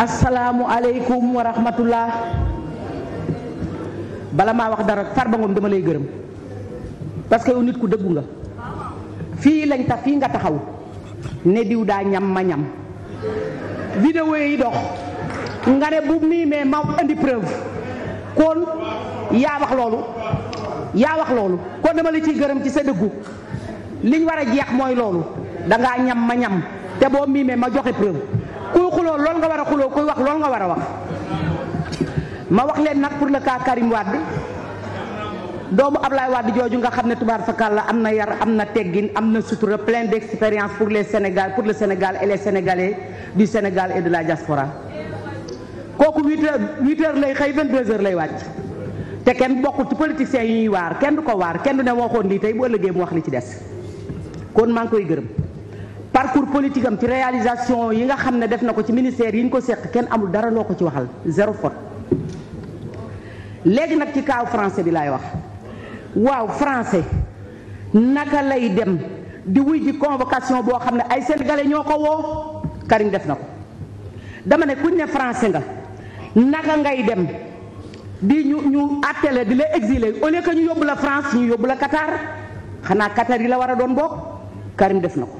asalaamualeykum wa rahmatullah bala maa wax dara Farba Ngom dama lay gërëm parce que yow nit ku dëggu nga fii lañ tax fii nga taxaw ne diw daa ñam ma ñam vidéo yi dox nga ne bu miimee ma indi preuve kon yaa wax loolu yaa wax loolu kon dama la ciy gërëm ci sa dëggu liñ war a jeex mooy loolu dangaa ñam ma ñam te boo miimee ma joxe preuve kuy xuloo xuloo kuy wax loolu nga war a wax ma wax leen nag pour le cas Karim bi doomu Ablaye Wade jooju nga xam ne tubaar fakal la am na yar am na teggin am na sutura plein d'expérience pour les Sénégal pour le Sénégal et les Sénégalais du Sénégal et de la diaspora kooku huit heures huit heures lay xëy vingt deux heures lay wàcc te kenn bokkul ci politiciens waar kenn du ko waar kenn du ne waxoon lii tey bu ëllëgee mu wax li ci des kon maa ngi koy gërëm parcours politique am ci réalisation yi nga xam ne def na ko ci ministère yi ñu ko seq kenn amul dara loo ko ci waxal zéro faute léegi nag ci kaaw français bi laay wax waaw français naka lay dem di wuy boo xam ne ay sénégalais ñoo ko woo Karim def na ko dama ne kuñ ne français nga naka ngay dem di ñu ñu àtte la di la exiler au ko que ñu yóbbu la France ñu yóbbu la Qatar xanaa Qatar yi la war a doon bokk Karim def na ko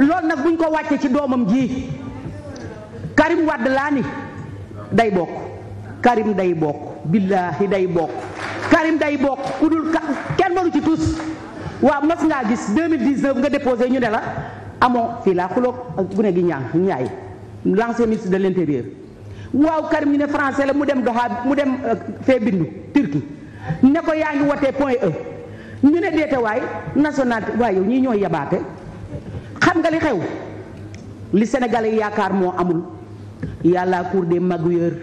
loolu nag buñ ko wàccee ci doomam ji Karim Wade laa ni day bokk Karim day bokk billaahi day bokk Karim day bokk ku dul kenn mënu ci tus waaw mas ngaa gis 2019 nga déposé ñu ne la amoo fii laa xuloog ak ne gi ñaan ñaay l'ancien ministre de l'intérieur waaw Karim ñu ne français la mu dem doxaa mu dem euh, fee bindu Turquie ne ko yaa ngi wotee point E ñu ne deete waay nationalité waaye yow ñii ñooy yabaate xam nga li xew li sénégalais yaakaar moo amul yàlla a la cour des magouilleurs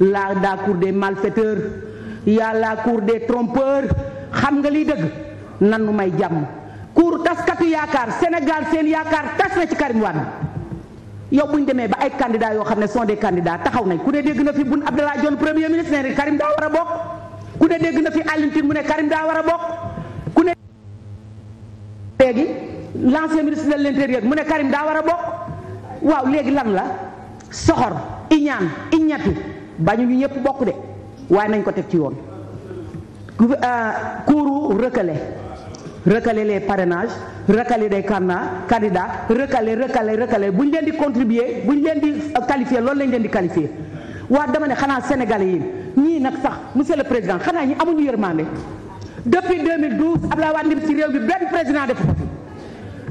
la da cour de malfaiteurs y a la cour des trompeurs xam nga liy dëgg nan nu may jàmm cour taskatu yaakaar Sénégal seen yaakaar tas na ci Karim Wade yow bu ñu demee ba ay candidats yoo xam ne sont des candidats taxaw nañ ku ne dégg na fi Boun Abdallah Dionne premier ministre ne Karim daa war a bokk ku ne dégg na fi Alioune mu ne Karim daa war a bokk ku ne l'ancien ministre de l'intérieur mu ne Karim daa war a bokk waaw léegi lan la soxor iñaan iñatu bañu ñu ñëpp bokk de waaye nañ ko teg ci yoon euh, kuuru recalé recalé les parrainages recalé des candidats recalé recalé recalé bu ñu leen di contribuer bu ñu leen di euh, qualifier loolu lañ leen di qualifier waa dama ne xanaa sénégalais yi ñii nag sax monsieur le président xanaa ñi amuñu yërmande depuis 2012 Abdoulaye Wade ci réew bi benn président defu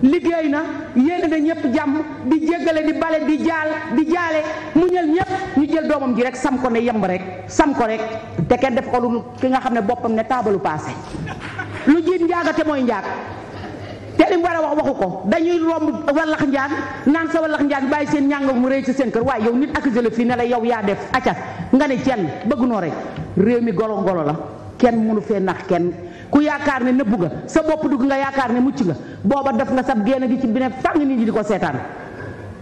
liggéey na yéene na ñëpp jàmm di jéggale di bale di jaal di jaale mu ñël ñëpp ñu jël doomam ji rek sam ko ne yemb rek sam ko rek te kenn def ko ki nga xam ne boppam ne taabalu paase lu jiit njaagate mooy njaag te li mu war a wax waxu ko dañuy romb wallax njaag naan sa wallax njaag bàyyi seen ñàng mu rëy ci seen kër waaye yow nit accusé la fii ne la yow yaa def acca nga ne cenn bëgg noo rek réew mi golo golo la kenn mënu fee nax kenn ku yaakaar ne nëbbu nga sa bopp dugg nga yaakaar ne mucc nga booba def nga sab génn gi ci beneen fang nit ñi di ko seetaan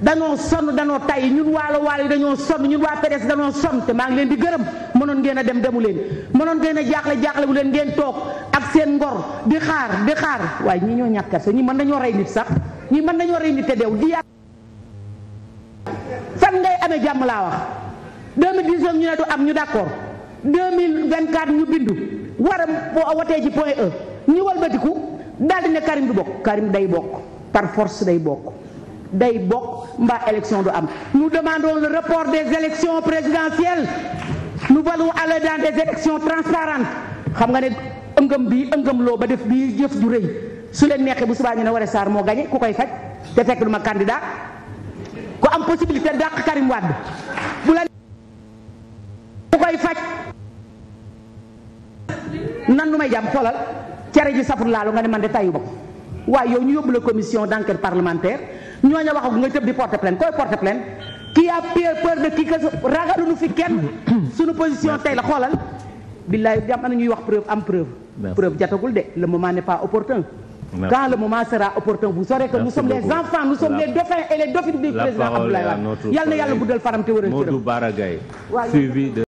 dañoo sonn dañoo tay ñun waalo waalo yi dañoo sonn ñun waa PDS dañoo sonn te maa ngi leen di gërëm mënoon ngeen a dem demu leen mënoon ngeen a jaaxle jaaxle bu leen ngeen toog ak seen ngor di xaar di xaar waaye ñi ñoo ñàkk sa ñi mën nañoo rey nit sax ñi mën nañoo rey nit te deew di yàq fan ngay amee jàmm laa wax 2019 ñu ne am ñu d'accord 2024 ñu bindu war a boo watee ci point E ñu walbatiku daal ne Karim du bokk Karim day bokk par force day bokk day bokk mbaa élection du am nous demandons le report des élections présidentielles nous voulons aller dans des élections transparentes xam nga ne ëngëm bii ëngëm loo ba def bii jëf du rëy su leen neexee bu subaa ñu ne Woré Sarr moo gagné ku koy faj te fekk duma candidat ku am possibilité dàq Karim Wade bu la ku koy faj nan nu may jàmm xoolal cere ji safur laalu nga ne man de tayu ba ko waaye yow ñu yóbbu la commission d'enquête parlementaire ñooña waxagu nga tëb di porte plainte koy porte plainte kii a peur de kii que ragaluñu fi kenn suñu position tey la xoolal billaay jàmm ana ñuy wax preuve am preuve preuve de le moment n'est pas opportun Quand le moment sera opportun vous saurez que Merci nous les enfants nous sommes les dauphins et les dauphines président Abdoulaye na yàlla guddal faram te